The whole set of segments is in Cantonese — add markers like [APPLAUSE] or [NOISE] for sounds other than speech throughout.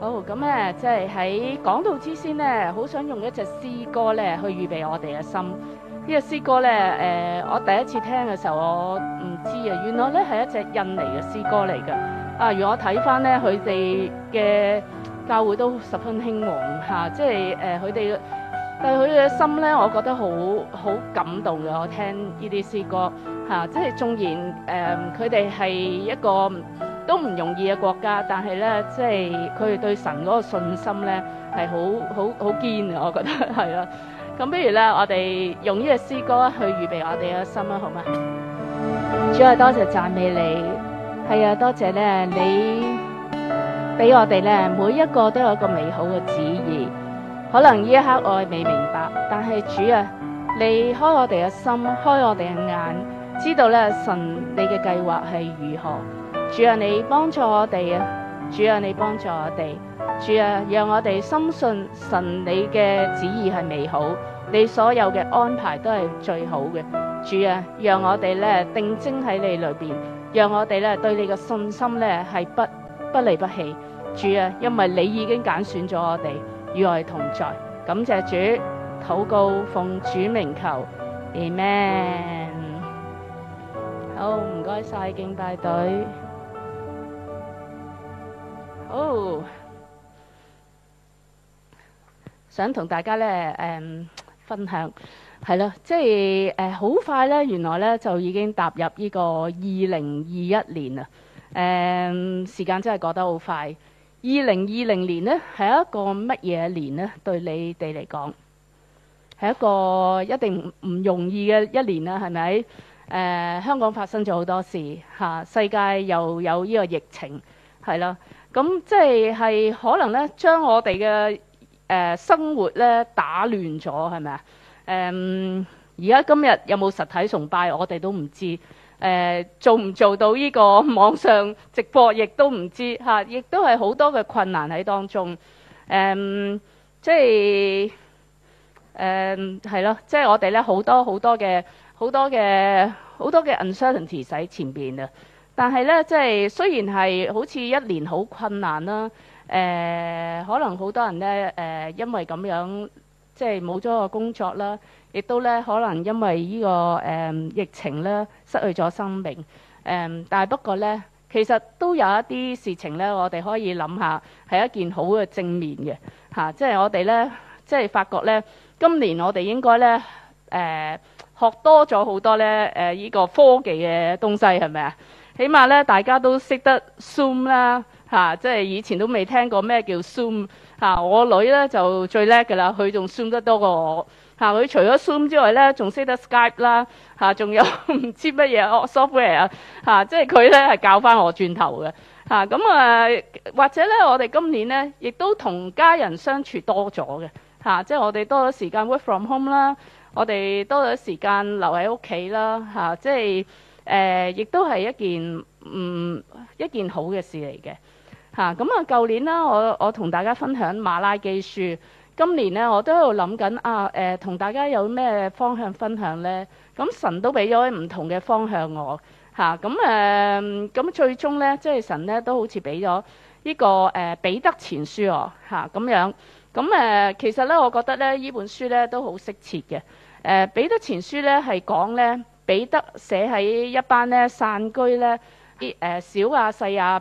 好，咁咧，即係喺講到之先咧，好想用一隻詩歌咧去預備我哋嘅心。呢隻詩歌咧，誒，我第一次聽嘅時候，我唔知啊。原來咧係一隻印尼嘅詩歌嚟㗎。啊，如果我睇翻咧，佢哋嘅教會都十分興旺吓，即係誒佢哋，但係佢哋嘅心咧，我覺得好好感動嘅。我聽呢啲詩歌吓，即係縱然誒，佢哋係一個都唔容易嘅國家，但係咧，即係佢哋對神嗰個信心咧，係好好好堅嘅。我覺得係咯。咁，不如咧，我哋用呢個詩歌去預備我哋嘅心啦，好嘛？主啊，多謝讚美你。係啊，多謝咧，你俾我哋咧，每一個都有一個美好嘅旨意。可能呢一刻我未明白，但係主啊，你開我哋嘅心，開我哋嘅眼，知道咧神你嘅計劃係如何。主啊，你幫助我哋啊！主啊，你幫助我哋！主啊，讓我哋深信神你嘅旨意係美好，你所有嘅安排都係最好嘅。主啊，讓我哋咧定睛喺你裏邊，讓我哋咧對你嘅信心咧係不不離不棄。主啊，因為你已經揀選咗我哋與我哋同在，感謝主！禱告奉主名求，Amen。好，唔該晒敬拜隊。想同大家咧誒、嗯、分享，係咯，即係誒好快咧，原來咧就已經踏入呢個二零二一年啦。誒、嗯、時間真係過得好快。二零二零年呢，係一個乜嘢年呢？對你哋嚟講係一個一定唔容易嘅一年啦，係咪？誒、呃、香港發生咗好多事嚇、啊，世界又有呢個疫情係啦。咁、嗯、即係係可能咧，將我哋嘅誒、呃、生活咧打亂咗係咪啊？誒而家今日有冇實體崇拜，我哋都唔知。誒、呃、做唔做到呢個網上直播亦都唔知嚇，亦都係好多嘅困難喺當中。誒即係誒係咯，即係、嗯、我哋咧好多好多嘅好多嘅好多嘅 uncertainty 喺前邊啊！但係咧，即係雖然係好似一年好困難啦。誒可能好多人呢誒，因為咁樣即係冇咗個工作啦，亦都呢可能因為呢個誒疫情呢失去咗生命誒，但係不過呢，其實都有一啲事情呢，我哋可以諗下係一件好嘅正面嘅吓。即係我哋呢即係發覺呢，今年我哋應該呢誒學多咗好多呢誒呢個科技嘅東西係咪啊？起碼呢，大家都識得 Zoom 啦。嚇、啊！即係以前都未聽過咩叫 Zoom 嚇、啊！我女咧就最叻㗎啦，佢仲 Zoom 得多過我佢、啊、除咗 Zoom 之外咧，仲識得 Skype 啦仲、啊、有唔 [LAUGHS] 知乜嘢 software 嚇！即係佢咧係教翻我轉頭嘅嚇！咁啊、啊，或者咧，我哋今年咧亦都同家人相處多咗嘅嚇！即係我哋多咗時間 work from home 啦，我哋多咗時間留喺屋企啦嚇、啊！即係、呃、亦都係一件唔、嗯、一件好嘅事嚟嘅。咁啊！舊年啦，我我同大家分享馬拉基書。今年呢，我都喺度諗緊啊、呃、同大家有咩方向分享呢？咁、啊、神都俾咗唔同嘅方向我咁，誒，咁最終呢，即係神呢，都好似俾咗呢個誒彼得前書我咁、啊、樣。咁、啊、誒其實呢，我覺得呢呢本書呢，都好適切嘅。誒彼得前書呢，係講呢，彼得寫喺一班呢散居呢，啲、呃、誒小亞細亞，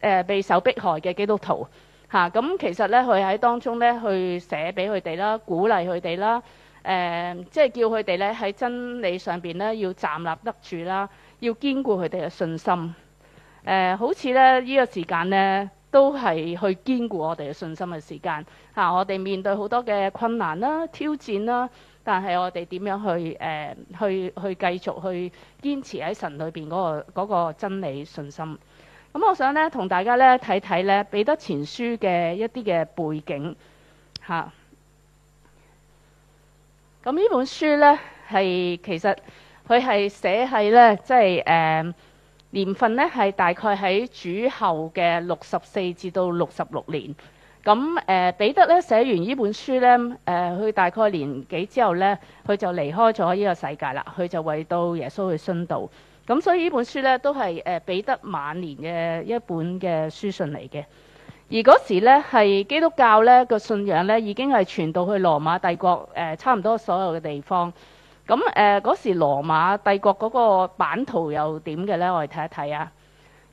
誒、呃、被受迫害嘅基督徒嚇，咁、啊嗯、其實咧佢喺當中咧去寫俾佢哋啦，鼓勵佢哋啦，誒、呃、即係叫佢哋咧喺真理上邊咧要站立得住啦，要堅固佢哋嘅信心。誒、啊、好似咧呢、這個時間呢，都係去堅固我哋嘅信心嘅時間嚇、啊，我哋面對好多嘅困難啦、挑戰啦，但係我哋點樣去誒、呃、去去繼續去堅持喺神裏邊嗰個嗰、那個真理信心。咁我想咧同大家咧睇睇咧彼得前書嘅一啲嘅背景吓。咁、啊、呢、啊、本書呢，係其實佢係寫係呢，即係誒、嗯、年份呢，係大概喺主後嘅六十四至到六十六年。咁誒彼得咧寫完呢本書呢，誒、呃，佢大概年幾之後呢，佢就離開咗呢個世界啦。佢就為到耶穌去殉道。咁、嗯、所以呢本書呢，都係誒彼得晚年嘅一本嘅書信嚟嘅，而嗰時呢，係基督教呢個信仰呢，已經係傳到去羅馬帝國、呃、差唔多所有嘅地方。咁誒嗰時羅馬帝國嗰個版圖又點嘅呢？我哋睇一睇啊！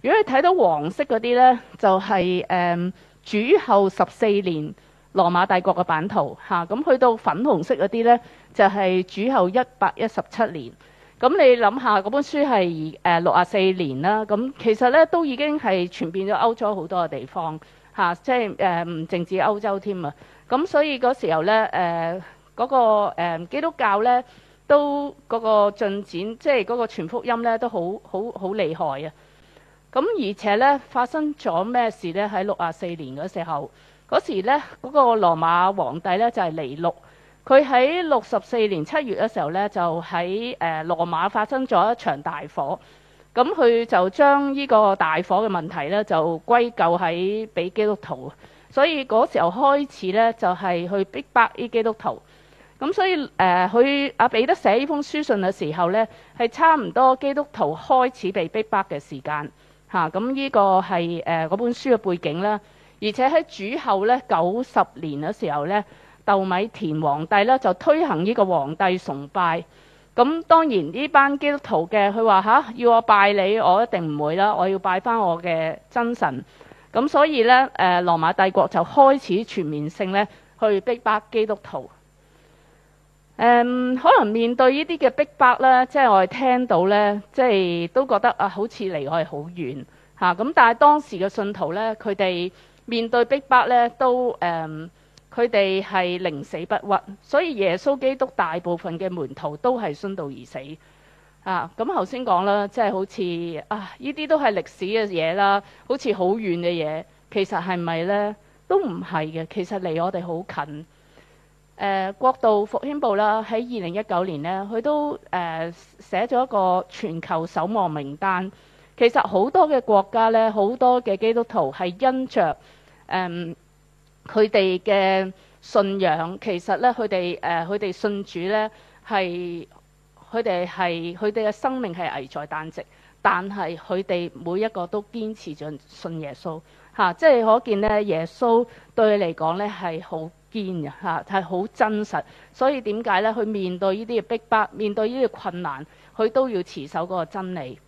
如果你睇到黃色嗰啲呢，就係、是、誒、嗯、主後十四年羅馬帝國嘅版圖嚇。咁、啊嗯、去到粉紅色嗰啲呢，就係、是、主後一百一十七年。咁你諗下嗰本書係誒六啊四年啦，咁其實咧都已經係傳遍咗歐洲好多嘅地方嚇，即係誒唔淨止歐洲添啊。咁所以嗰時候咧誒嗰個誒基督教咧都嗰個進展，即係嗰個傳福音咧都好好好厲害啊。咁而且咧發生咗咩事咧？喺六啊四年嗰時候，嗰時咧嗰個羅馬皇帝咧就係尼祿。佢喺六十四年七月嘅時候呢，就喺誒、呃、羅馬發生咗一場大火，咁佢就將呢個大火嘅問題呢，就歸咎喺俾基督徒，所以嗰時候開始呢，就係、是、去逼迫呢啲基督徒，咁所以誒佢阿彼得寫呢封書信嘅時候呢，係差唔多基督徒開始被逼迫嘅時間，嚇咁呢個係嗰、呃、本書嘅背景啦，而且喺主後呢，九十年嘅時候呢。豆米田皇帝呢就推行呢個皇帝崇拜，咁當然呢班基督徒嘅，佢話吓要我拜你，我一定唔會啦，我要拜翻我嘅真神。咁所以呢，誒、呃、羅馬帝國就開始全面性呢去逼迫基督徒。誒、嗯，可能面對呢啲嘅逼迫呢，即係我哋聽到呢，即係都覺得啊，好似離我哋好遠吓。咁但係當時嘅信徒呢，佢哋面對逼迫呢，都誒。嗯佢哋係寧死不屈，所以耶穌基督大部分嘅門徒都係殉道而死啊！咁頭先講啦，即係好似啊，依啲都係歷史嘅嘢啦，好似好遠嘅嘢，其實係咪呢？都唔係嘅，其實離我哋好近。誒國度復興報啦，喺二零一九年呢，佢都誒寫咗一個全球守望名單。其實好多嘅國家呢，好多嘅基督徒係因着誒。佢哋嘅信仰，其實呢，佢哋誒，佢哋信主呢，係佢哋係佢哋嘅生命係危在旦夕，但係佢哋每一個都堅持着信耶穌，嚇、啊，即係可見呢，耶穌對佢嚟講呢係好堅嘅嚇，係好真實、啊真實。所以點解呢？佢面對呢啲逼迫，面對呢啲困難，佢都要持守嗰個真理。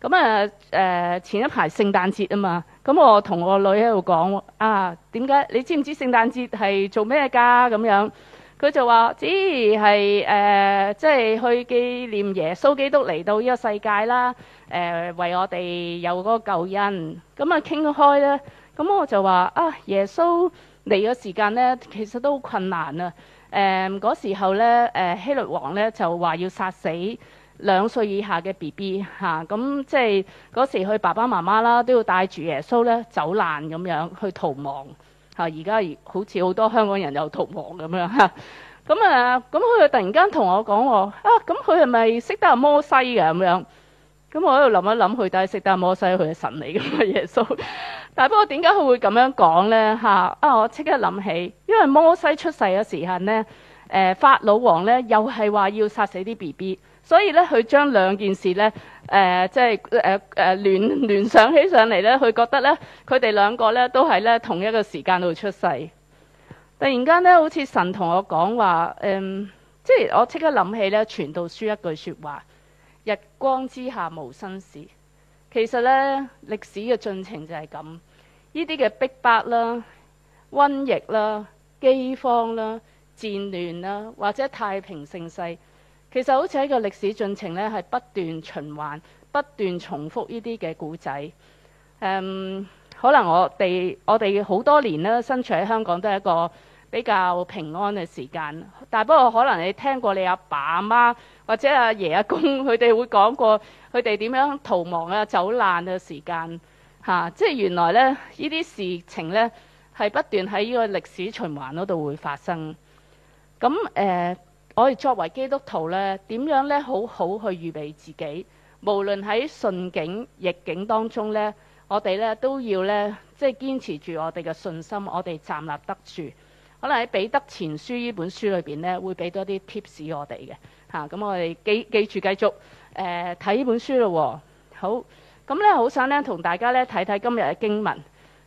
咁啊誒、啊，前一排聖誕節啊嘛。咁、嗯、我同我女喺度講啊，點解你知唔知聖誕節係做咩噶咁樣？佢就話知係誒，即係去紀念耶穌基督嚟到呢個世界啦，誒、呃、為我哋有嗰個救恩。咁啊傾開咧，咁、嗯、我就話啊，耶穌嚟嘅時間咧，其實都好困難啊。誒、呃、嗰時候咧，誒、呃、希律王咧就話要殺死。兩歲以下嘅 B B 咁、啊嗯，即係嗰時佢爸爸媽媽啦都要帶住耶穌咧走難咁樣去逃亡吓，而家好似好多香港人又逃亡咁樣嚇。咁啊咁佢、嗯嗯、突然間同我講喎，啊，咁佢係咪識得阿摩西㗎咁樣？咁、嗯、我喺度諗一諗佢，都係識得阿摩西，佢係神嚟㗎嘛，耶穌。但係不過點解佢會咁樣講呢？啊，我即刻諗起，因為摩西出世嘅時候呢，誒、啊、法老王呢又係話要殺死啲 B B。所以呢，佢將兩件事呢，誒即係誒誒聯聯想起上嚟呢，佢覺得呢，佢哋兩個呢都係呢同一個時間度出世。突然間呢，好似神同我講話，嗯，即係我即刻諗起呢，《傳道書》一句說話：日光之下無新事。其實呢，歷史嘅進程就係咁。呢啲嘅逼迫啦、瘟疫啦、饑荒啦、戰亂啦，或者太平盛世。其實好似喺個歷史進程呢，係不斷循環、不斷重複呢啲嘅故仔。誒、嗯，可能我哋我哋好多年啦，身處喺香港都係一個比較平安嘅時間。但係不過可能你聽過你阿爸阿媽或者阿爺阿公佢哋會講過佢哋點樣逃亡、逃亡嘅啊、走難嘅時間嚇，即係原來呢，呢啲事情呢，係不斷喺呢個歷史循環嗰度會發生的。咁誒。呃我哋作為基督徒呢，點樣呢？好好去預備自己，無論喺順境逆境當中呢，我哋呢都要呢，即係堅持住我哋嘅信心，我哋站立得住。可能喺彼得前書呢本書裏邊呢，會俾多啲 tips 我哋嘅嚇。咁我哋記，記住繼續，繼續誒睇呢本書咯。好咁呢，好想呢同大家呢睇睇今日嘅經文。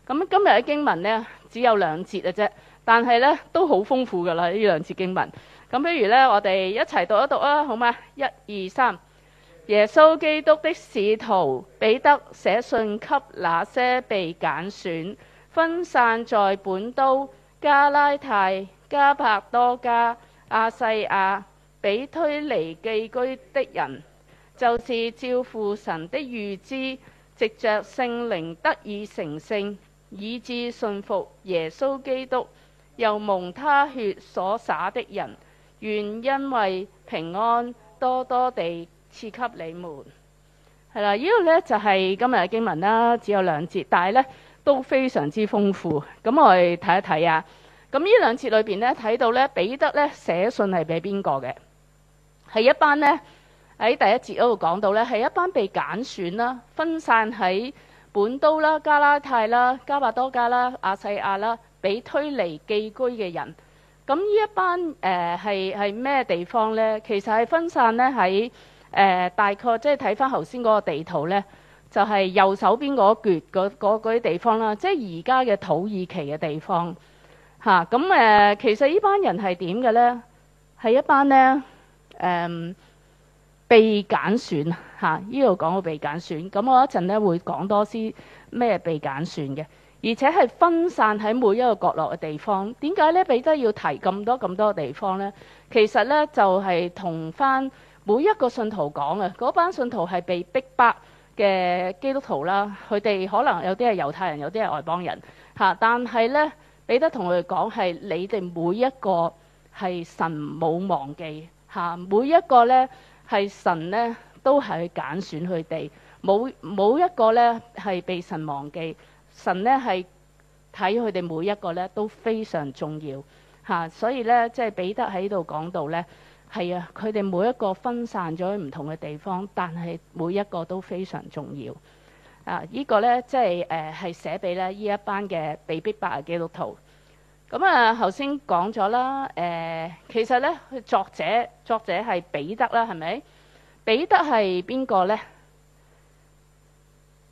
咁、嗯、今日嘅經文呢，只有兩節嘅啫，但係呢都好豐富噶啦呢兩節經文。咁不如呢？我哋一齊讀一讀啊，好嘛？一、二、三，耶穌基督的使徒彼得寫信給那些被揀選、分散在本都、加拉太、加帕多家、亞西亞、比推尼寄居的人，就是照父神的預知，藉著聖靈得以成聖，以致信服耶穌基督，又蒙他血所灑的人。願因為平安多多地賜給你們。係啦，呢、這個呢就係、是、今日嘅經文啦，只有兩節，但係呢都非常之豐富。咁我哋睇一睇啊。咁、嗯、呢兩節裏邊呢，睇到呢，彼得呢寫信係俾邊個嘅？係一班呢，喺第一節嗰度講到呢，係一班被揀選啦，分散喺本都啦、加拉太啦、加帕多加啦、亞細亞啦，俾推離寄居嘅人。咁呢一班誒係係咩地方呢？其實係分散呢喺誒、呃、大概即係睇翻頭先嗰個地圖呢，就係、是、右手邊嗰撅嗰嗰啲地方啦。即係而家嘅土耳其嘅地方嚇，咁誒、啊啊、其實呢班人係點嘅呢？係一班呢誒、呃、被揀選，吓呢度講個被揀選。咁我一陣呢會講多啲咩被揀選嘅。而且係分散喺每一個角落嘅地方。點解呢？彼得要提咁多咁多地方呢？其實呢就係同翻每一個信徒講嘅。嗰班信徒係被逼迫嘅基督徒啦，佢哋可能有啲係猶太人，有啲係外邦人嚇。但係呢，彼得同佢哋講係你哋每一個係神冇忘記嚇，每一個呢係神呢都係去揀選佢哋，冇冇一個呢係被神忘記。神呢係睇佢哋每一個呢都非常重要嚇，所以呢即係彼得喺度講到呢，係啊，佢哋每一個分散咗唔同嘅地方，但係每一個都非常重要啊！呢個呢即係誒係寫俾呢呢一班嘅被逼迫嘅基督徒。咁啊，頭先講咗啦，誒，其實呢作者作者係彼得啦，係咪？彼得係邊個呢？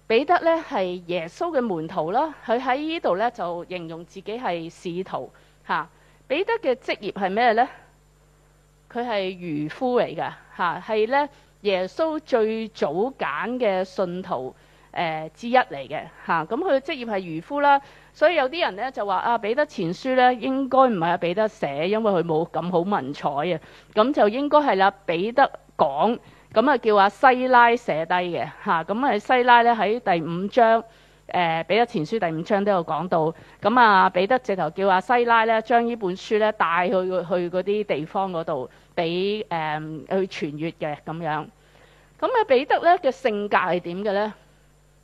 彼得呢係耶穌嘅門徒啦，佢喺呢度呢，就形容自己係使徒吓。彼得嘅職業係咩呢？佢係漁夫嚟嘅吓，係呢，耶穌最早揀嘅信徒誒之一嚟嘅吓。咁佢嘅職業係漁夫啦，所以有啲人呢，就話啊彼得前書呢應該唔係阿彼得寫，因為佢冇咁好文采啊，咁就應該係啦彼得講。咁啊，叫阿西拉寫低嘅嚇，咁啊西拉咧喺第五章，誒彼得前書第五章都有講到，咁啊彼得直頭叫阿西拉咧將呢本書咧帶去去嗰啲地方嗰度，俾誒、嗯、去傳閱嘅咁樣。咁啊彼得咧嘅性格係點嘅咧？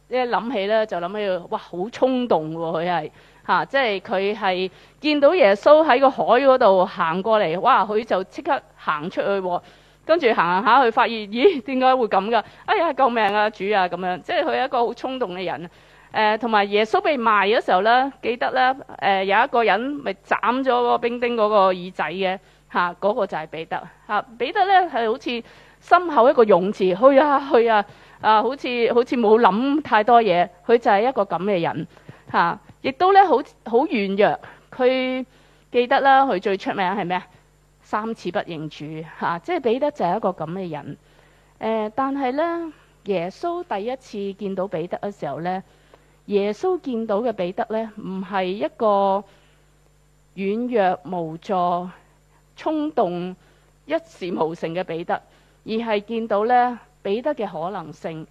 一諗起咧就諗起，哇好衝動喎佢係嚇，即係佢係見到耶穌喺個海嗰度行過嚟，哇佢就即刻行出去喎。跟住行行下，去，發現，咦？點解會咁噶？哎呀！救命啊，主啊！咁樣，即係佢係一個好衝動嘅人。誒、呃，同埋耶穌被賣嘅時候呢，記得呢，誒、呃、有一個人咪斬咗個兵丁嗰個耳仔嘅，嗰個就係彼得、啊、彼得呢，係好似心口一個勇字，去啊去啊啊！好似好似冇諗太多嘢，佢就係一個咁嘅人嚇。亦、啊、都呢，好好軟弱，佢記得啦。佢最出名係咩啊？三次不認主，吓、啊，即係彼得就係一個咁嘅人。呃、但係呢，耶穌第一次見到彼得嘅時候呢，耶穌見到嘅彼得呢，唔係一個軟弱無助、衝動、一事無成嘅彼得，而係見到呢彼得嘅可能性。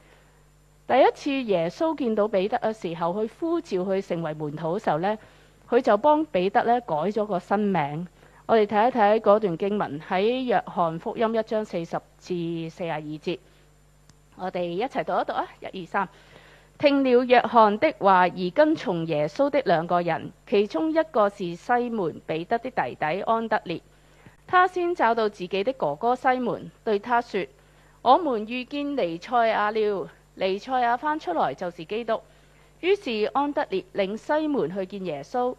第一次耶穌見到彼得嘅時候，去呼召佢成為門徒嘅時候呢，佢就幫彼得呢改咗個新名。我哋睇一睇嗰段經文，喺約翰福音一章四十至四十二節，我哋一齊讀一讀啊！一二三，聽了約翰的話而跟從耶穌的兩個人，其中一個是西門彼得的弟弟安德烈，他先找到自己的哥哥西門，對他說：我們遇見尼賽亞了，尼賽亞翻出來就是基督。於是安德烈領西門去見耶穌。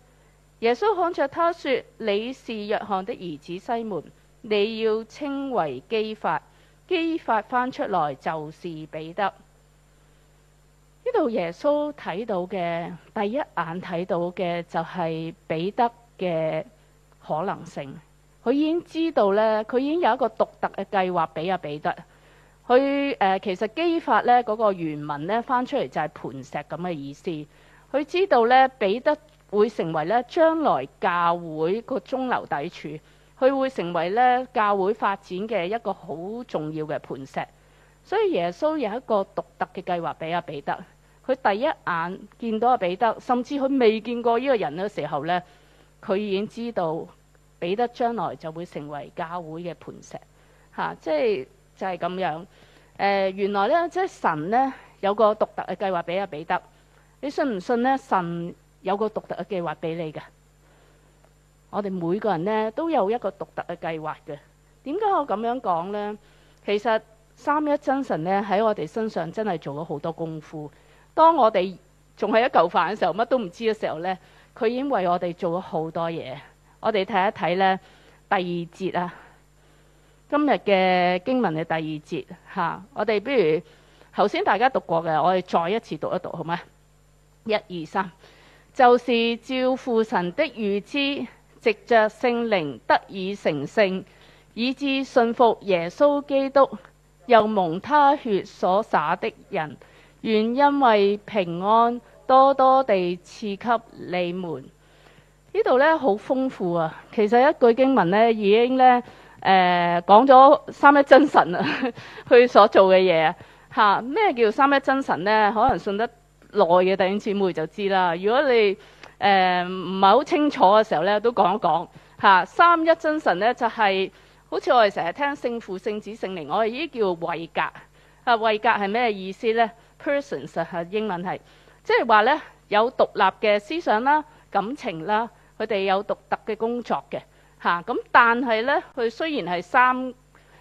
耶穌看着他說：你是約翰的兒子西門，你要稱為基法。基法翻出來就是彼得。呢度耶穌睇到嘅第一眼睇到嘅就係彼得嘅可能性。佢已經知道呢，佢已經有一個獨特嘅計劃俾阿彼得。佢、呃、其實基法呢嗰、嗰個原文呢翻出嚟就係磐石咁嘅意思。佢知道呢，彼得。會成為呢將來教會個中流砥柱，佢會成為呢教會發展嘅一個好重要嘅磐石。所以耶穌有一個獨特嘅計劃俾阿彼得，佢第一眼見到阿、啊、彼得，甚至佢未見過呢個人嘅時候呢，佢已經知道彼得將來就會成為教會嘅磐石。吓、啊，即係就係咁樣、呃、原來呢，即係神呢有一個獨特嘅計劃俾阿彼得，你信唔信呢？神。有個獨特嘅計劃俾你㗎。我哋每個人呢，都有一個獨特嘅計劃嘅。點解我咁樣講呢？其實三一真神呢，喺我哋身上真係做咗好多功夫。當我哋仲係一嚿飯嘅時候，乜都唔知嘅時候呢，佢已經為我哋做咗好多嘢。我哋睇一睇呢，第二節啊，今日嘅經文嘅第二節吓，啊。我哋不如頭先大家讀過嘅，我哋再一次讀一讀好嘛？一二三。就是照父神的預知，藉着聖靈得以成聖，以致信服耶穌基督，又蒙他血所灑的人，願因為平安多多地賜給你們。呢度呢，好豐富啊！其實一句經文呢，已經呢誒、呃、講咗三一真神 [LAUGHS] 啊，佢所做嘅嘢，吓，咩叫三一真神呢？可能信得內嘅弟兄姊妹就知啦。如果你誒唔係好清楚嘅時候呢，都講一講嚇、啊。三一真神呢，就係、是、好似我哋成日聽聖父、聖子、聖靈，我哋依啲叫位格嚇。位、啊、格係咩意思呢？Persons 係、啊、英文係即係話呢，有獨立嘅思想啦、感情啦，佢哋有獨特嘅工作嘅嚇。咁、啊、但係呢，佢雖然係三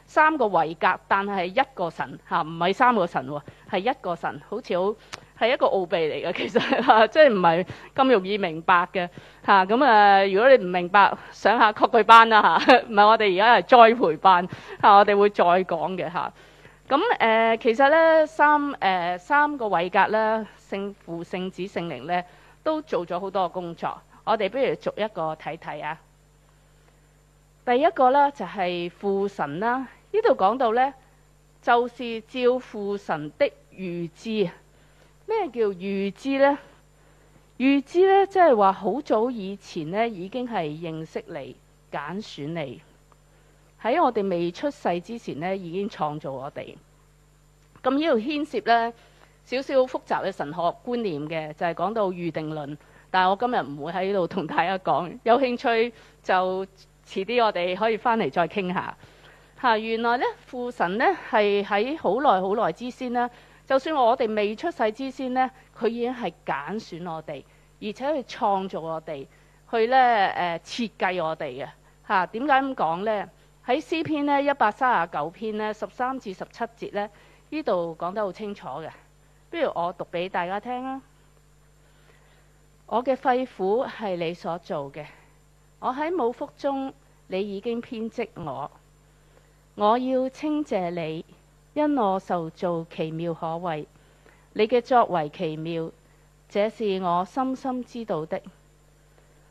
三個位格，但係一個神嚇，唔、啊、係三個神喎、哦，係一個神，好似好。係一個奧秘嚟嘅，其實、啊、即係唔係咁容易明白嘅吓。咁啊，啊，如果你唔明白，上下確據班啦吓，唔、啊、係我哋而家係栽培班，吓、啊，我哋會再講嘅吓。咁、啊、誒、啊，其實呢三誒、啊、三個位格咧，聖父、聖子、聖靈呢，都做咗好多個工作。我哋不如逐一個睇睇啊。第一個呢，就係、是、父神啦，呢度講到呢，就是照父神的預知。咩叫預知呢？預知呢，即係話好早以前呢已經係認識你、揀選你。喺我哋未出世之前呢，已經創造我哋。咁呢度牽涉呢少少複雜嘅神學觀念嘅，就係講到預定論。但係我今日唔會喺呢度同大家講，有興趣就遲啲我哋可以返嚟再傾下。吓，原來呢，父神呢係喺好耐好耐之先呢。就算我哋未出世之先，呢佢已經係揀選我哋，而且去創造我哋，去呢誒設計我哋嘅吓。點解咁講呢？喺詩篇呢一百三十九篇呢十三至十七節呢，呢度講得好清楚嘅。不如我讀俾大家聽啦。我嘅肺腑係你所做嘅，我喺母腹中，你已經編織我。我要稱謝你。因我受造奇妙可畏，你嘅作為奇妙，這是我深深知道的。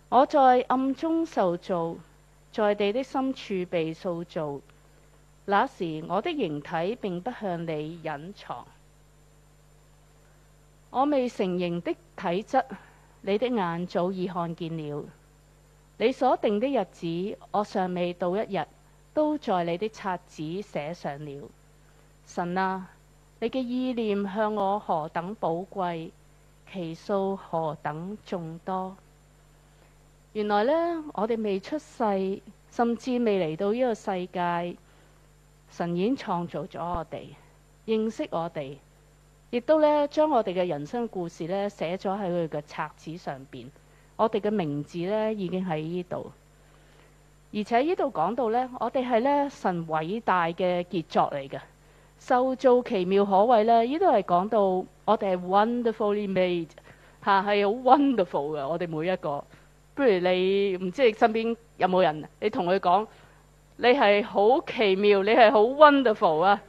我在暗中受造，在地的深處被塑造。那時我的形體並不向你隱藏，我未成形的體質，你的眼早已看見了。你所定的日子，我尚未到一日，都在你的冊子寫上了。神啊，你嘅意念向我何等寶貴，其數何等眾多。原來呢，我哋未出世，甚至未嚟到呢個世界，神已經創造咗我哋，認識我哋，亦都呢將我哋嘅人生故事呢寫咗喺佢嘅冊子上邊。我哋嘅名字呢已經喺呢度，而且呢度講到呢，我哋係呢神偉大嘅傑作嚟嘅。受造奇妙可畏咧，呢度係講到我哋係 wonderfully made 吓，係好 wonderful 噶。我哋每一個，不如你唔知你身邊有冇人，你同佢講，你係好奇妙，你係好 wonderful 啊。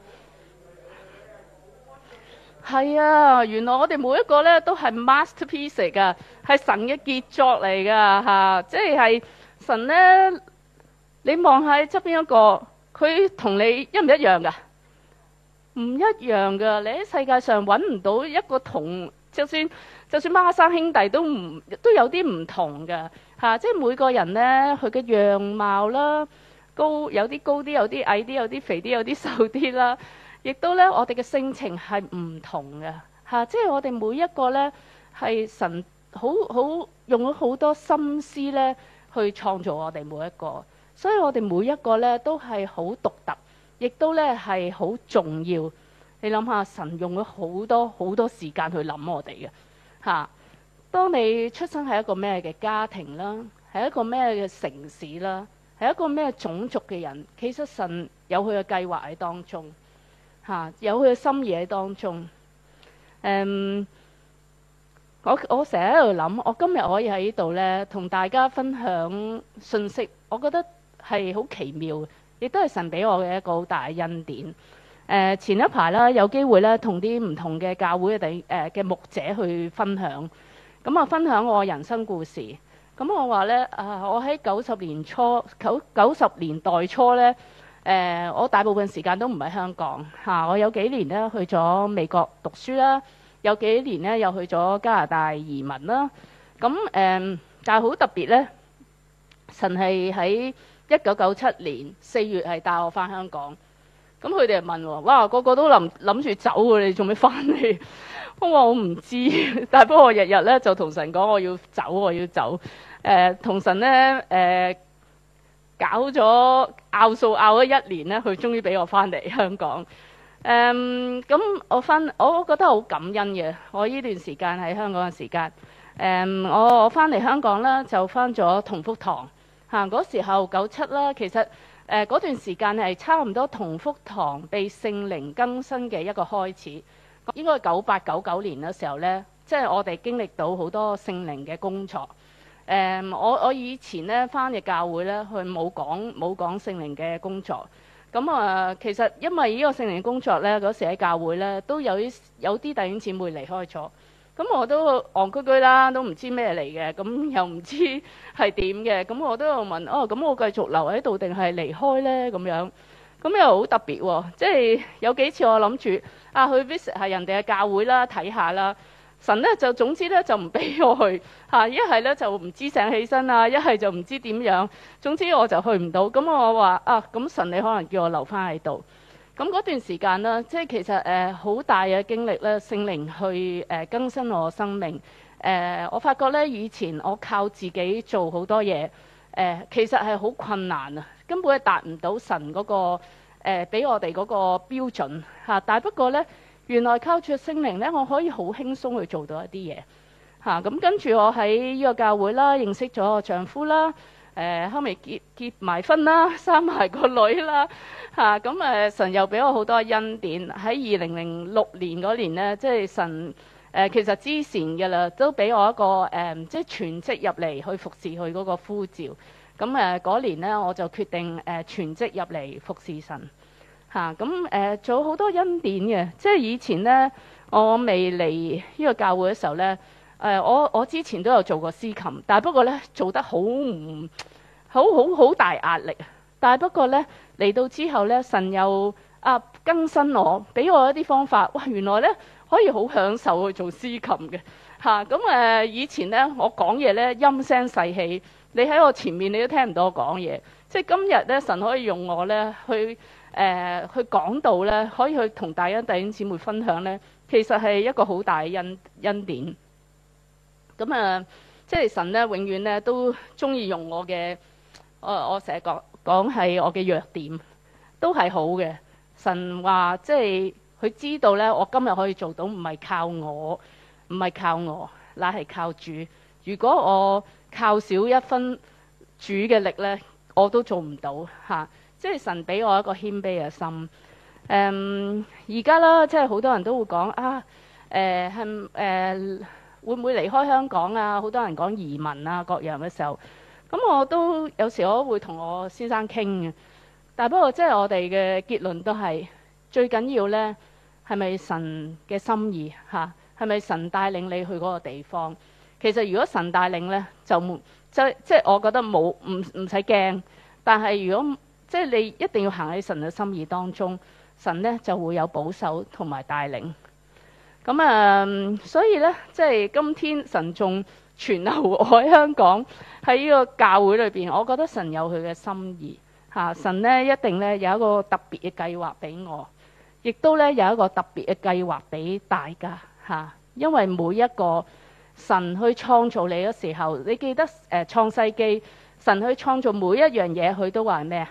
係啊，原來我哋每一個咧都係 masterpiece 噶，係神嘅傑作嚟噶吓，即係神咧。你望喺側邊一個，佢同你一唔一樣噶？唔一樣噶，你喺世界上揾唔到一個同，就算就算孖生兄弟都唔都有啲唔同嘅嚇，即係每個人呢佢嘅樣貌啦，高有啲高啲，有啲矮啲，有啲肥啲，有啲瘦啲啦，亦都呢我哋嘅性情係唔同嘅嚇，即係我哋每一個呢係神好好用咗好多心思呢去創造我哋每一個，所以我哋每一個呢都係好獨特。亦都咧係好重要，你諗下，神用咗好多好多時間去諗我哋嘅，吓。當你出生喺一個咩嘅家庭啦，係一個咩嘅城市啦，係一個咩種族嘅人，其實神有佢嘅計劃喺當中，吓，有佢嘅心意喺當中。誒，我我成日喺度諗，我今日可以喺呢度呢同大家分享信息，我覺得係好奇妙。亦都係神俾我嘅一個好大嘅恩典。誒前一排啦，有機會咧，同啲唔同嘅教會嘅誒嘅牧者去分享。咁啊，分享我人生故事。咁我話咧啊，我喺九十年初九九十年代初咧，誒我大部分時間都唔喺香港嚇。我有幾年咧去咗美國讀書啦，有幾年咧又去咗加拿大移民啦。咁誒，但係好特別咧，神係喺。一九九七年四月係帶我返香港，咁佢哋問我：哇，個個都諗諗住走㗎，你仲未翻嚟？我話我唔知，但係不過我日日呢就同神講我要走，我要走。誒、呃、同神呢，誒、呃、搞咗拗數拗咗一年呢，佢終於俾我返嚟香港。誒、呃、咁我翻，我覺得好感恩嘅。我呢段時間喺香港嘅時間，誒、呃、我我翻嚟香港咧就翻咗同福堂。嗰、嗯、時候九七啦，其實誒嗰、呃、段時間係差唔多同福堂被聖靈更新嘅一個開始。應該九八九九年嘅時候呢，即係我哋經歷到好多聖靈嘅工作。誒、嗯，我我以前呢返嘅教會呢，佢冇講冇講聖靈嘅工作。咁、嗯、啊、呃，其實因為呢個聖靈工作呢，嗰時喺教會呢，都有啲有啲弟兄姊妹離開咗。咁我都戇居居啦，都唔知咩嚟嘅，咁又唔知係點嘅，咁我都問，哦咁我繼續留喺度定係離開呢咁樣，咁又好特別喎，即係有幾次我諗住啊去 visit 下人哋嘅教會啦，睇下啦，神呢就總之呢就唔俾我去吓，一係呢就唔知醒起身啊，一係就唔知點樣，總之我就去唔到，咁我話啊咁神你可能叫我留翻喺度。咁嗰、嗯、段時間啦，即係其實誒好、呃、大嘅經歷咧，聖靈去誒、呃、更新我生命。誒、呃、我發覺咧，以前我靠自己做好多嘢，誒、呃、其實係好困難啊，根本係達唔到神嗰、那個誒俾、呃、我哋嗰個標準、啊、但不過咧，原來靠住聖靈咧，我可以好輕鬆去做到一啲嘢嚇。咁、啊嗯、跟住我喺呢個教會啦，認識咗我丈夫啦。誒後尾結結埋婚啦，生埋個女啦，咁、啊啊、神又俾我好多恩典。喺二零零六年嗰年呢，即係神、啊、其實之前嘅啦，都俾我一個、啊、即係全職入嚟去服侍佢嗰個呼召。咁、啊、嗰年呢，我就決定誒全、啊、職入嚟服侍神，咁、啊啊、做好多恩典嘅，即係以前呢，我未嚟呢個教會嘅時候呢。誒、呃，我我之前都有做過司琴，但係不過呢，做得好唔好，好大壓力。但係不過呢，嚟到之後呢，神又啊更新我，俾我一啲方法。哇，原來呢，可以好享受去做司琴嘅嚇。咁、啊、誒、啊、以前呢，我講嘢呢，陰聲細氣，你喺我前面你都聽唔到我講嘢。即係今日呢，神可以用我呢去誒、呃、去講道呢，可以去同大恩弟兄姊妹分享呢，其實係一個好大嘅恩恩典。咁啊、嗯，即係神咧，永遠咧都中意用我嘅。我我成日講講係我嘅弱點，都係好嘅。神話即係佢知道咧，我今日可以做到，唔係靠我，唔係靠我，乃係靠主。如果我靠少一分主嘅力咧，我都做唔到吓、嗯。即係神俾我一個謙卑嘅心。嗯，而家啦，即係好多人都會講啊，誒、呃，係誒。呃會唔會離開香港啊？好多人講移民啊，各樣嘅時候，咁我都有時我會同我先生傾嘅。但不過即係我哋嘅結論都係最緊要呢，係咪神嘅心意吓？係咪神帶領你去嗰個地方？其實如果神帶領呢，就冇即即係我覺得冇唔唔使驚。但係如果即係、即係、你一定要行喺神嘅心意當中，神呢就會有保守同埋帶領。咁啊，所以呢，即係今天神仲存留我喺香港喺呢個教會裏邊，我覺得神有佢嘅心意，吓，神呢一定呢有一個特別嘅計劃俾我，亦都呢有一個特別嘅計劃俾大家，吓，因為每一個神去創造你嘅時候，你記得誒《創世記》，神去創造每一樣嘢，佢都話咩啊？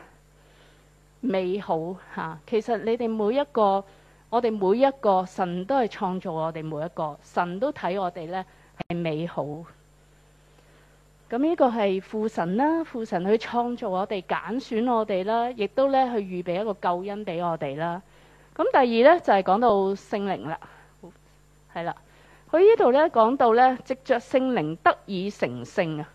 美好吓，其實你哋每一個。我哋每一個神都係創造我哋每一個，神都睇我哋呢係美好。咁呢個係父神啦，父神去創造我哋，揀選我哋啦，亦都呢去預備一個救恩俾我哋啦。咁第二呢，就係、是、講到聖靈啦，係啦，佢呢度呢講到呢，藉着聖靈得以成聖啊。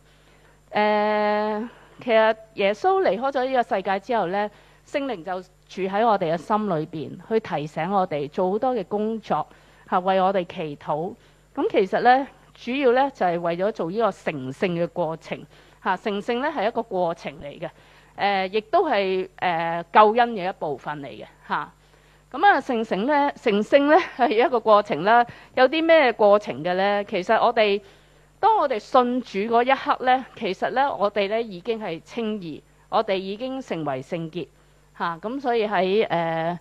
誒、呃，其實耶穌離開咗呢個世界之後呢。聖靈就住喺我哋嘅心裏邊，去提醒我哋做好多嘅工作，嚇為我哋祈禱。咁其實呢，主要呢就係、是、為咗做呢個成聖嘅過程嚇。成聖呢係一個過程嚟嘅，誒、呃、亦都係誒、呃、救恩嘅一部分嚟嘅嚇。咁啊，成聖呢成聖呢成聖呢係一個過程啦。有啲咩過程嘅呢？其實我哋當我哋信主嗰一刻呢，其實呢，我哋呢已經係稱義，我哋已經成為聖潔。嚇咁、啊、所以喺誒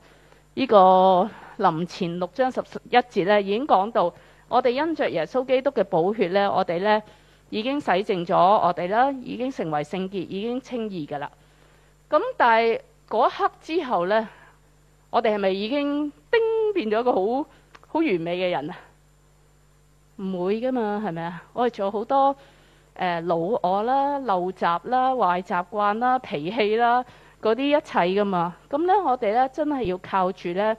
呢個林前六章十一節咧，已經講到我哋因着耶穌基督嘅寶血呢，我哋呢已經洗淨咗，我哋啦已經成為聖潔，已經稱義嘅啦。咁但係嗰一刻之後呢，我哋係咪已經叮變咗一個好好完美嘅人啊？唔會噶嘛，係咪啊？我哋仲有好多誒、呃、老我啦、陋習啦、壞習慣啦、脾氣啦。嗰啲一切噶嘛，咁呢我哋呢真係要靠住呢誒、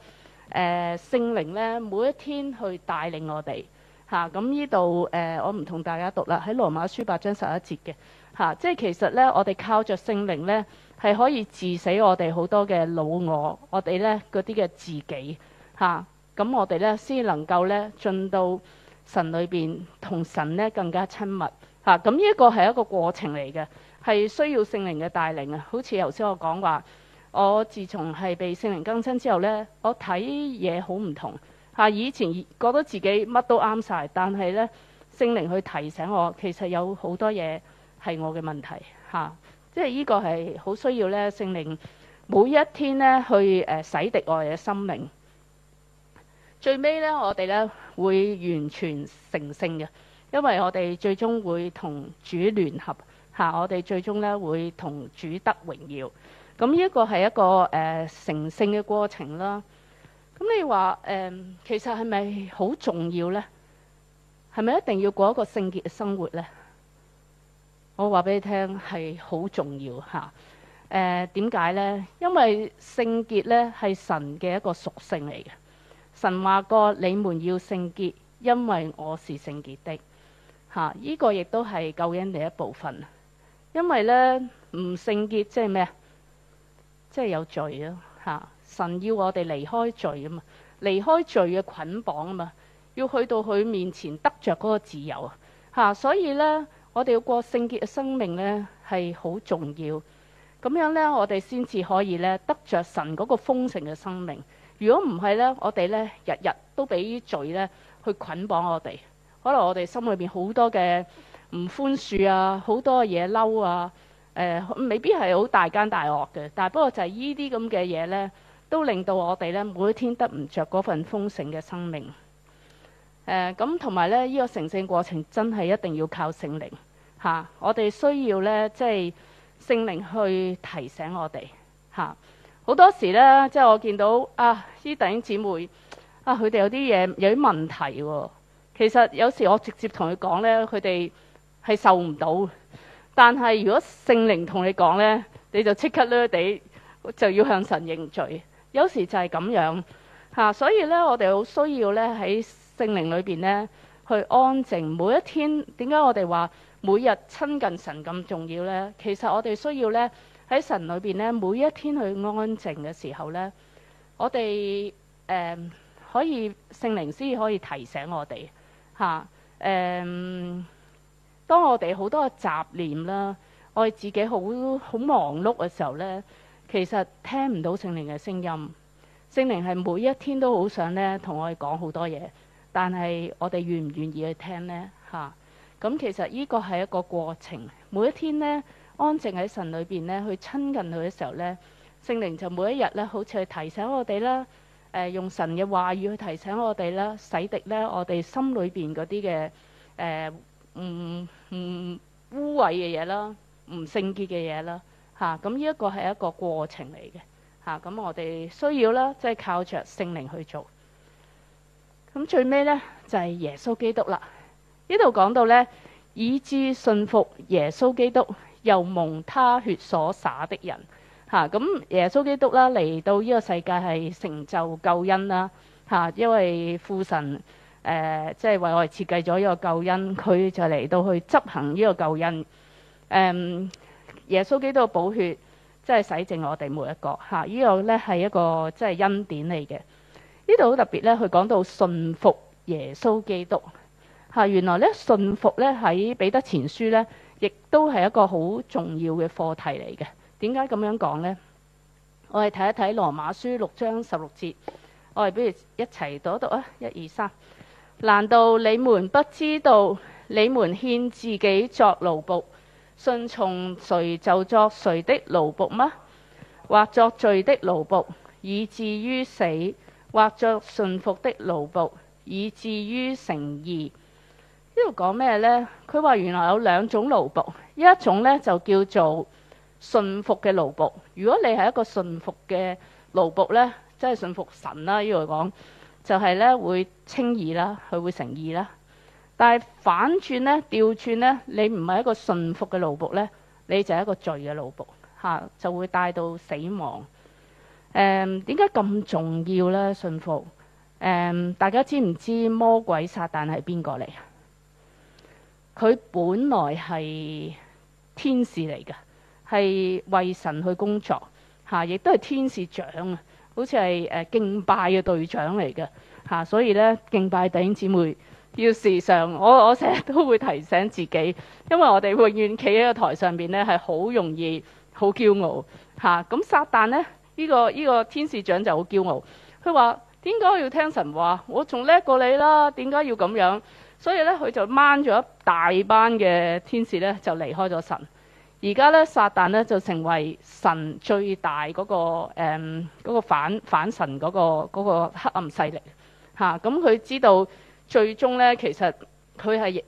呃、聖靈呢每一天去帶領我哋嚇。咁呢度誒，我唔同大家讀啦，喺羅馬書八章十一節嘅嚇、啊。即係其實呢，我哋靠著聖靈呢係可以治死我哋好多嘅老我，我哋呢嗰啲嘅自己嚇。咁、啊、我哋呢先能夠呢進到神裏邊，同神呢更加親密嚇。咁呢一個係一個過程嚟嘅。係需要聖靈嘅帶領啊！好似頭先我講話，我自從係被聖靈更新之後呢，我睇嘢好唔同吓。以前覺得自己乜都啱晒，但係呢，聖靈去提醒我，其實有好多嘢係我嘅問題吓。即係呢個係好需要呢，聖靈每一天呢去誒洗滌我嘅心靈。最尾呢，我哋呢會完全成聖嘅，因為我哋最終會同主聯合。嚇、啊！我哋最終呢，會同主得榮耀，咁、嗯、呢、這個、一個係一個誒成聖嘅過程啦。咁、嗯、你話誒、呃，其實係咪好重要呢？係咪一定要過一個聖潔嘅生活呢？我話俾你聽係好重要嚇。誒點解呢？因為聖潔呢，係神嘅一個屬性嚟嘅。神話過你們要聖潔，因為我是聖潔的。嚇、啊！依、這個亦都係救恩嘅一部分。因為呢，唔聖潔即係咩啊？即係有罪啊。吓、啊！神要我哋離開罪啊嘛，離開罪嘅捆綁啊嘛，要去到佢面前得着嗰個自由啊，吓、啊！所以呢，我哋要過聖潔嘅生命呢係好重要，咁樣呢，我哋先至可以呢得着神嗰個豐盛嘅生命。如果唔係呢，我哋呢日日都俾罪呢去捆綁我哋，可能我哋心裏邊好多嘅。唔寬恕啊，好多嘢嬲啊、呃，未必係好大奸大惡嘅，但不過就係依啲咁嘅嘢呢，都令到我哋呢，每天得唔着嗰份豐盛嘅生命。咁同埋呢，呢、呢個成聖過程真係一定要靠聖靈、吓、我哋需要呢，即、就、係、係、聖靈去提醒我哋吓，好多時呢，即係我見到啊，弟兄姊妹啊，佢哋有啲嘢有啲問題喎、哦。其實有時我直接同佢講呢，佢哋。係受唔到，但係如果聖靈同你講呢，你就即刻呢地，就要向神認罪。有時就係咁樣吓、啊，所以呢，我哋好需要呢，喺聖靈裏邊呢，去安靜。每一天點解我哋話每日親近神咁重要呢？其實我哋需要呢，喺神裏邊呢，每一天去安靜嘅時候呢，我哋、嗯、可以聖靈先可以提醒我哋吓誒。啊嗯當我哋好多嘅雜念啦，我哋自己好好忙碌嘅時候呢，其實聽唔到聖靈嘅聲音。聖靈係每一天都好想呢同我哋講好多嘢，但係我哋願唔願意去聽呢？吓、啊，咁、嗯、其實呢個係一個過程。每一天呢，安靜喺神裏邊呢去親近佢嘅時候呢，聖靈就每一日呢好似去提醒我哋啦，誒、呃，用神嘅話語去提醒我哋啦，洗滌呢我哋心裏邊嗰啲嘅誒，嗯。唔污穢嘅嘢啦，唔聖潔嘅嘢啦，吓咁呢一個係一個過程嚟嘅，吓、啊、咁我哋需要啦，即、就、係、是、靠着聖靈去做。咁最尾呢，就係、是、耶穌基督啦，呢度講到呢，以致信服耶穌基督又蒙他血所灑的人，吓、啊、咁耶穌基督啦嚟到呢個世界係成就救恩啦，吓、啊、因為父神。誒，即係、呃就是、為我哋設計咗一個救恩，佢就嚟到去執行呢個救恩。嗯、耶穌基督嘅寶血，即係洗淨我哋每一個吓呢、啊呢個呢係一個即係恩典嚟嘅。呢度好特別呢，佢講到信服耶穌基督、啊、原來呢，信服呢喺彼得前書呢，亦都係一個好重要嘅課題嚟嘅。點解咁樣講呢？我哋睇一睇羅馬書六章十六節。我哋不如一齊讀一讀啊，一二三。難道你們不知道你們獻自己作奴僕，順從誰就作誰的奴僕嗎？或作罪的奴僕，以至於死；或作順服的奴僕，以至於成義。呢度講咩呢？佢話原來有兩種奴僕，一種呢，就叫做順服嘅奴僕。如果你係一個順服嘅奴僕呢，即係順服神啦。呢度講。就係咧會稱義啦，佢會成義啦。但係反轉呢、調轉呢，你唔係一個順服嘅奴僕呢，你就係一個罪嘅奴僕嚇，就會帶到死亡。誒、嗯，點解咁重要呢？順服、嗯。大家知唔知魔鬼撒旦係邊個嚟？佢本來係天使嚟嘅，係為神去工作嚇，亦都係天使長啊！好似係、呃、敬拜嘅隊長嚟嘅、啊、所以咧敬拜弟兄姊妹要時常，我我成日都會提醒自己，因為我哋永遠企喺個台上面呢，咧，係好容易好驕傲咁、啊、撒旦呢呢、呢個呢、呢個天使長就好驕傲，佢話點解要聽神話？我仲叻過你啦，點解要咁樣？所以咧，佢就掹咗一大班嘅天使咧，就離開咗神。而家咧，撒旦咧就成為神最大嗰、那個誒、嗯，那個反反神嗰、那個、那個黑暗勢力吓，咁、啊、佢、嗯、知道最終咧，其實佢係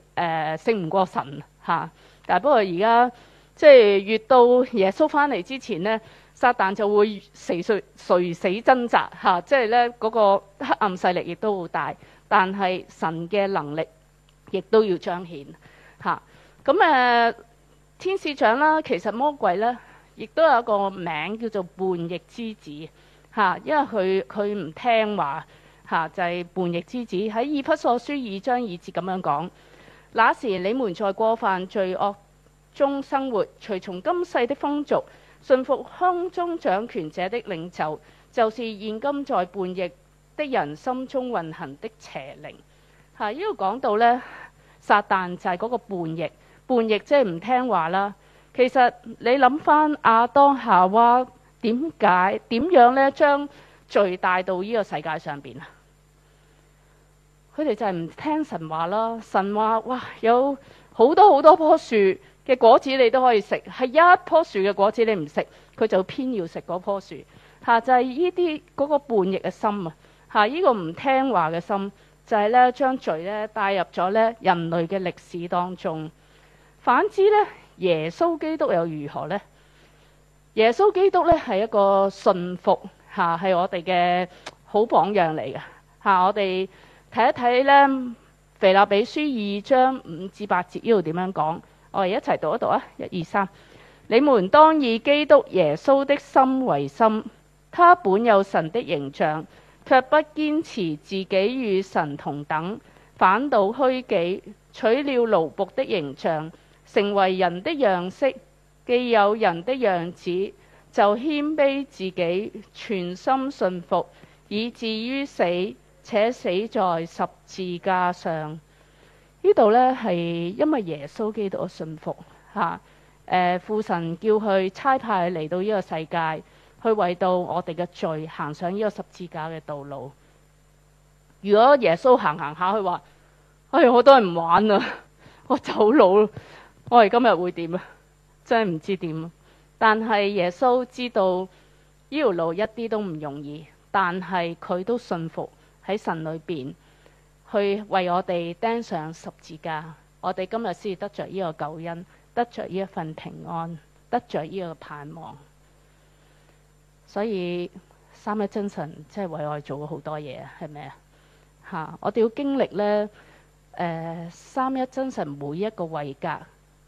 誒勝唔過神吓、啊。但係不過而家即係越到耶穌翻嚟之前咧，撒旦就會死垂垂死掙扎吓，即係咧嗰個黑暗勢力亦都好大，但係神嘅能力亦都要彰顯吓。咁、啊、誒。天使長啦，其實魔鬼呢，亦都有一個名叫做叛逆之子，吓、啊，因為佢佢唔聽話，吓、啊、就係、是、叛逆之子。喺以弗所書二章二節咁樣講，那時你們在過犯罪惡中生活，隨從今世的風俗，順服空中掌權者的領袖，就是現今在叛逆的人心中運行的邪靈。吓、啊，呢度講到呢，撒旦就係嗰個叛逆。叛逆即係唔聽話啦。其實你諗返亞當夏娃點解點樣呢？將罪帶到呢個世界上邊啊？佢哋就係唔聽神話啦。神話哇，有好多好多棵樹嘅果子你都可以食，係一棵樹嘅果子你唔食，佢就偏要食嗰棵樹吓、啊。就係呢啲嗰個叛逆嘅心啊吓，呢、呢個唔聽話嘅心就係、是、呢將罪咧帶入咗呢人類嘅歷史當中。反之呢，耶穌基督又如何呢？耶穌基督呢，係一個順服，吓，係我哋嘅好榜樣嚟嘅吓。我哋睇一睇呢，腓立比書二章五至八節呢度點樣講？我哋一齊讀，讀一讀啊！一二三，你們當以基督耶穌的心為心，他本有神的形象，卻不堅持自己與神同等，反倒虛己，取了奴僕的形象。成為人的樣式，既有人的樣子，就謙卑自己，全心信服，以至於死，且死在十字架上。呢度呢，係因為耶穌基督的信服，吓、啊，誒父神叫佢差派嚟，到呢個世界，去為到我哋嘅罪，行上呢個十字架嘅道路。如果耶穌行行下，佢話，哎，我都係唔玩啦，我走佬。我哋、哎、今日會點啊？真係唔知點。但係耶穌知道呢條路一啲都唔容易，但係佢都信服喺神裏邊去為我哋釘上十字架。我哋今日先得着呢個救恩，得着呢一份平安，得着呢個盼望。所以三一真神真係為我哋做咗好多嘢，係咪啊？吓，我哋要經歷呢誒、呃，三一真神每一個位格。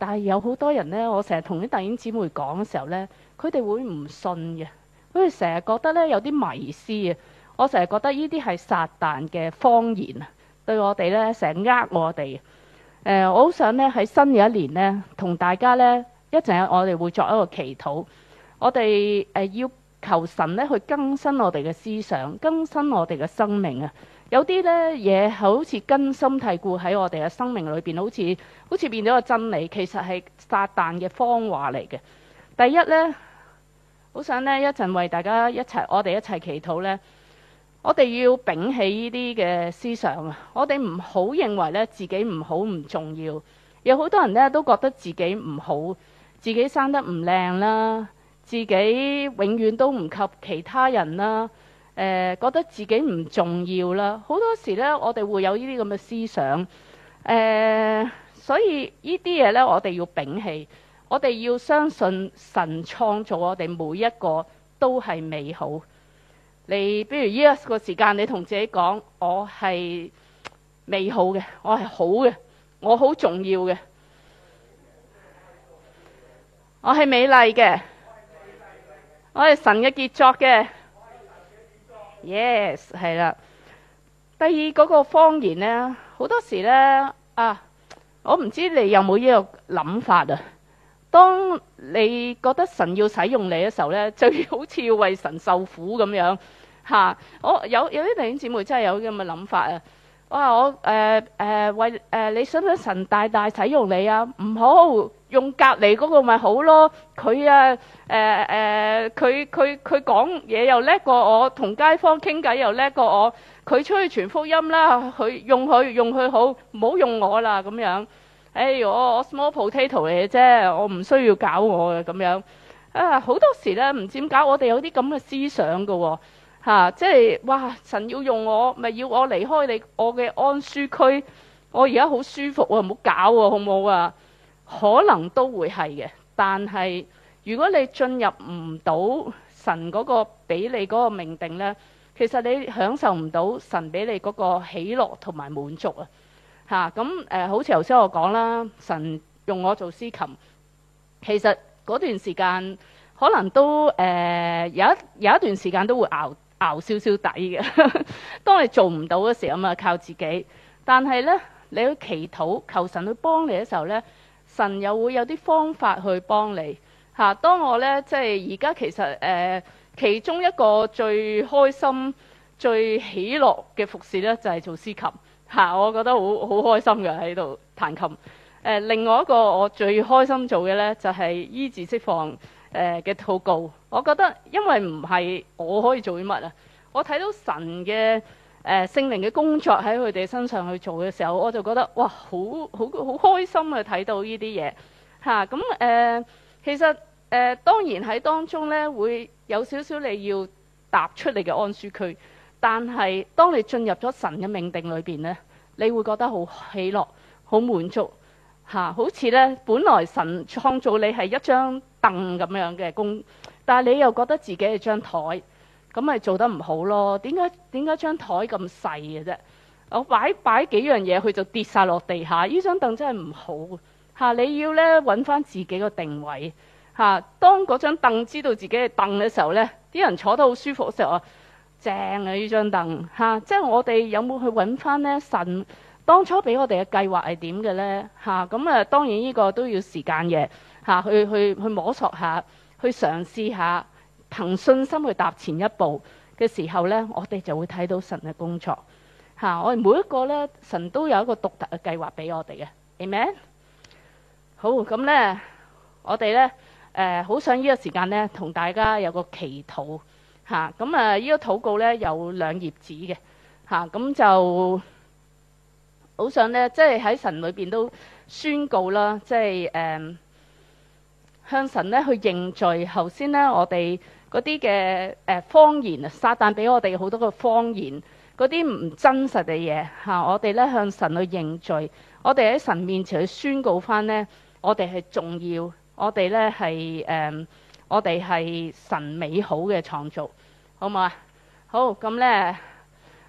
但係有好多人呢，我成日同啲弟兄姊妹講嘅時候呢，佢哋會唔信嘅，佢哋成日覺得呢，有啲迷思啊！我成日覺得呢啲係撒旦嘅謊言啊，對我哋呢，成日呃我哋。誒，我好想呢，喺新嘅一年呢，同大家呢，一陣，我哋會作一個祈禱，我哋誒要求神呢，去更新我哋嘅思想，更新我哋嘅生命啊！有啲呢嘢好似根深蒂固喺我哋嘅生命裏邊，好似好似變咗個真理，其實係撒旦嘅謊話嚟嘅。第一呢，好想呢一陣為大家一齊，我哋一齊祈禱呢，我哋要摒棄呢啲嘅思想啊！我哋唔好認為呢自己唔好唔重要，有好多人呢都覺得自己唔好，自己生得唔靚啦，自己永遠都唔及其他人啦。誒，覺得自己唔重要啦，好多時呢，我哋會有呢啲咁嘅思想。所以呢啲嘢呢，我哋要摒棄。我哋要相信神創造我哋每一個都係美好。你比如呢一個時間，你同自己講：我係美好嘅，我係好嘅，我好重要嘅，我係美麗嘅，我係神嘅傑作嘅。yes，係啦。第二嗰、那個方言呢，好多時呢，啊，我唔知你有冇呢個諗法啊。當你覺得神要使用你嘅時候呢，就好似要為神受苦咁樣吓、啊。我有有啲弟兄姊妹真係有咁嘅諗法啊。啊我話我誒誒為誒、呃，你想唔想神大大使用你啊？唔好。用隔離嗰個咪好咯，佢啊誒佢佢佢講嘢又叻過我，同街坊傾偈又叻過我，佢出去傳福音啦，佢用佢用佢好，唔好用我啦咁樣。哎我我 small potato 嚟嘅啫，我唔需要搞我嘅咁樣。啊好多時咧唔知點解我哋有啲咁嘅思想㗎喎、吓啊、即係哇神要用我咪、就是、要我離開你我嘅安舒區，我而家好舒服喎、啊，唔好搞喎、啊，好唔好啊？可能都會係嘅，但係如果你進入唔到神嗰個俾你嗰個命定呢，其實你享受唔到神俾你嗰個喜樂同埋滿足啊！咁、啊嗯呃、好似頭先我講啦，神用我做司琴，其實嗰段時間可能都、呃、有一有一段時間都會熬熬少少底嘅。當你做唔到嘅時候，啊靠自己，但係呢，你去祈禱求神去幫你嘅時候呢。神又會有啲方法去幫你嚇，啊。當我呢，即係而家其實誒、呃，其中一個最開心、最喜樂嘅服侍呢，就係、是、做司琴嚇，啊，我覺得好好開心嘅喺度彈琴。誒、啊，另外一個我最開心做嘅呢，就係、是、醫治釋放嘅禱、呃、告。我覺得因為唔係我可以做啲乜啊，我睇到神嘅，誒、呃、聖靈嘅工作喺佢哋身上去做嘅時候，我就覺得哇，好好好開心去看啊！睇到呢啲嘢嚇咁誒，其實誒、呃、當然喺當中呢會有少少你要踏出你嘅安舒區，但係當你進入咗神嘅命定裏邊呢，你會覺得好喜樂、啊、好滿足嚇，好似呢，本來神創造你係一張凳咁樣嘅工，但係你又覺得自己係張台。咁咪做得唔好咯？點解點解張枱咁細嘅啫？我擺擺幾樣嘢，佢就跌晒落地下。依張凳真係唔好、啊啊、你要呢揾翻自己個定位、啊、當嗰張凳知道自己係凳嘅時候呢，啲人坐得好舒服嘅時候啊，正啊！呢張凳即係我哋有冇去揾翻呢神當初俾我哋嘅計劃係點嘅呢？咁啊，啊，當然呢個都要時間嘅、啊、去去去摸索下，去嘗試下。憑信心去踏前一步嘅時候呢，我哋就會睇到神嘅工作吓、啊。我哋每一個呢，神都有一個獨特嘅計劃俾我哋嘅，Amen。好，咁呢，我哋呢，誒、呃，好想呢個時間呢，同大家有個祈禱吓。咁啊，呢、啊，這個禱告呢，有兩頁紙嘅吓，咁、啊、就好想呢，即係喺神裏邊都宣告啦，即係誒、呃，向神呢去認罪。頭先呢，我哋。嗰啲嘅謊言，撒旦俾我哋好多個謊言，嗰啲唔真實嘅嘢、啊、我哋咧向神去認罪，我哋喺神面前去宣告翻呢，我哋係重要，我哋呢係、呃、我哋係神美好嘅創造，好唔好啊？好，咁呢，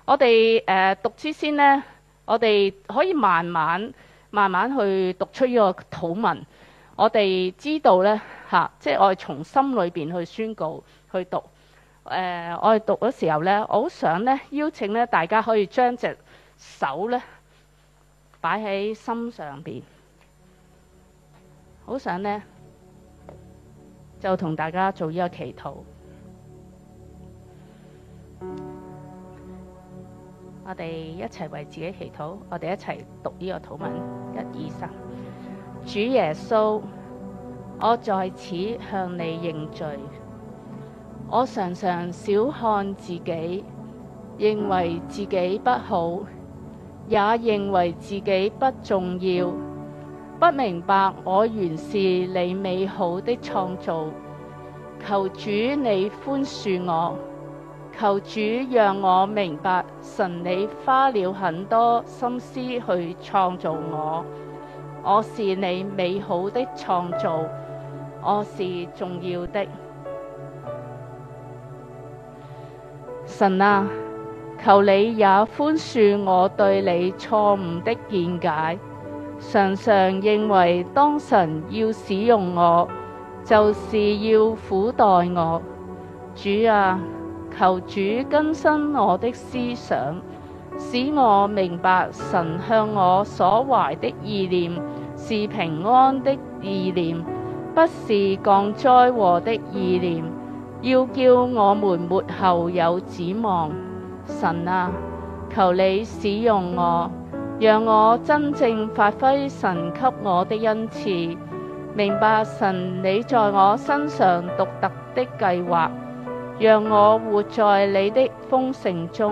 我哋誒、呃、讀書先呢，我哋可以慢慢慢慢去讀出呢個土文。我哋知道呢，嚇，啊，即係我哋從心裏邊去宣告，去讀。誒、呃，我哋讀嘅時候呢，我好想呢邀請呢大家可以將隻手呢擺喺心上邊，好想呢，就同大家做呢個祈禱。我哋一齊為自己祈禱，我哋一齊讀呢個土文，一、二、三。主耶穌，我在此向你認罪。我常常小看自己，認為自己不好，也認為自己不重要，不明白我原是你美好的創造。求主你寬恕我，求主讓我明白神你花了很多心思去創造我。我是你美好的創造，我是重要的。神啊，求你也寬恕我對你錯誤的見解，常常認為當神要使用我，就是要苦待我。主啊，求主更新我的思想。使我明白神向我所懷的意念是平安的意念，不是降災禍的意念，要叫我們末後有指望。神啊，求你使用我，讓我真正發揮神給我的恩賜，明白神你在我身上獨特的計劃，讓我活在你的豐盛中。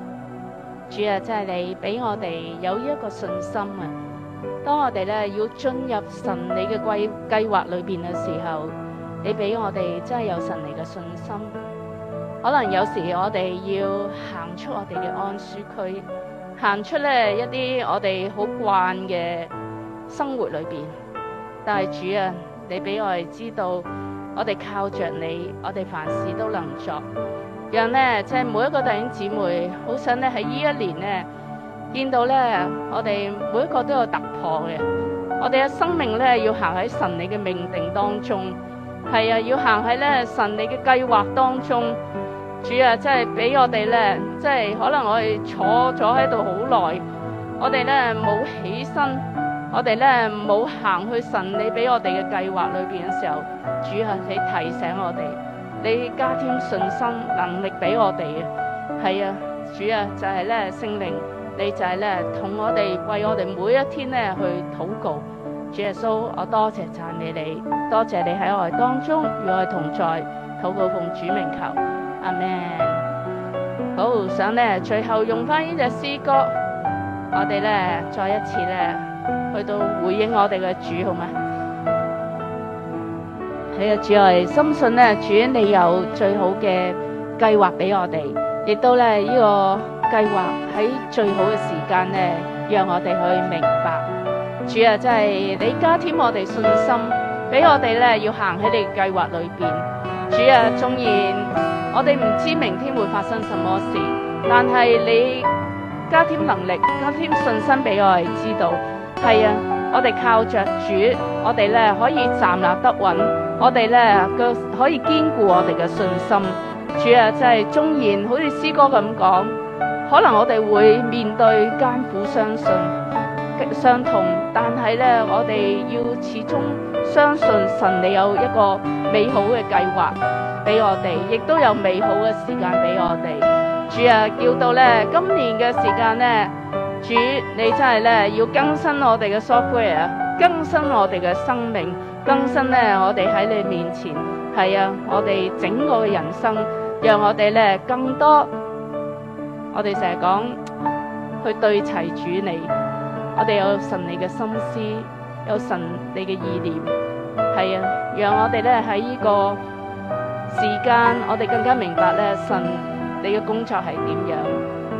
主啊，真係你俾我哋有一個信心啊！當我哋咧要進入神裡嘅計計劃裡邊嘅時候，你俾我哋真係有神你嘅信心。可能有時我哋要行出我哋嘅安舒區，行出咧一啲我哋好慣嘅生活裡邊，但係主啊，你俾我哋知道，我哋靠着你，我哋凡事都能作。讓咧即係每一個弟兄姊妹很呢，好想咧喺呢一年咧見到咧我哋每一個都有突破嘅。我哋嘅生命咧要行喺神裡嘅命定當中，係啊，要行喺咧神裡嘅計劃當中。主啊，即係俾我哋咧，即係可能我哋坐咗喺度好耐，我哋咧冇起身，我哋咧冇行去神裡俾我哋嘅計劃裏邊嘅時候，主啊，你提醒我哋。你加添信心能力俾我哋，是啊，主啊，就是呢聖靈，你就是呢，同我哋，為我哋每一天呢去禱告，主耶穌，我多謝讚美你，你，多謝你喺我哋當中與我哋同在，禱告奉主名求，阿門。好，想呢，最後用翻呢隻詩歌，我哋呢，再一次呢，去到回應我哋嘅主，好嘛？你啊，主啊，深信咧，主你有最好嘅計劃俾我哋，亦都咧呢個計劃喺最好嘅時間咧，讓我哋去明白。主啊，真係你加添我哋信心，俾我哋咧要行喺你計劃裏邊。主啊，縱然我哋唔知道明天會發生什麼事，但係你加添能力、加添信心俾我哋知道。係啊。我哋靠着主，我哋呢可以站立得穩，我哋呢個可以堅固我哋嘅信心。主啊，真係忠言，好似詩歌咁講，可能我哋會面對艱苦、相信、相同，但係呢，我哋要始終相信神，你有一個美好嘅計劃畀我哋，亦都有美好嘅時間畀我哋。主啊，叫到呢今年嘅時間呢。主，你真係咧要更新我哋嘅 software 啊，更新我哋嘅生命，更新咧我哋喺你面前，係啊，我哋整個嘅人生，讓我哋咧更多，我哋成日講去對齊主你，我哋有神你嘅心思，有神你嘅意念，係啊，讓我哋咧喺呢個時間，我哋更加明白咧神你嘅工作係點樣。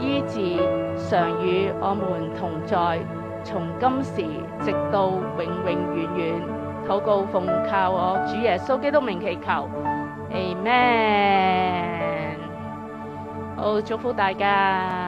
醫治常與我們同在，從今時直到永永遠遠，禱告奉靠我主耶穌基督名祈求，Amen。好，祝福大家。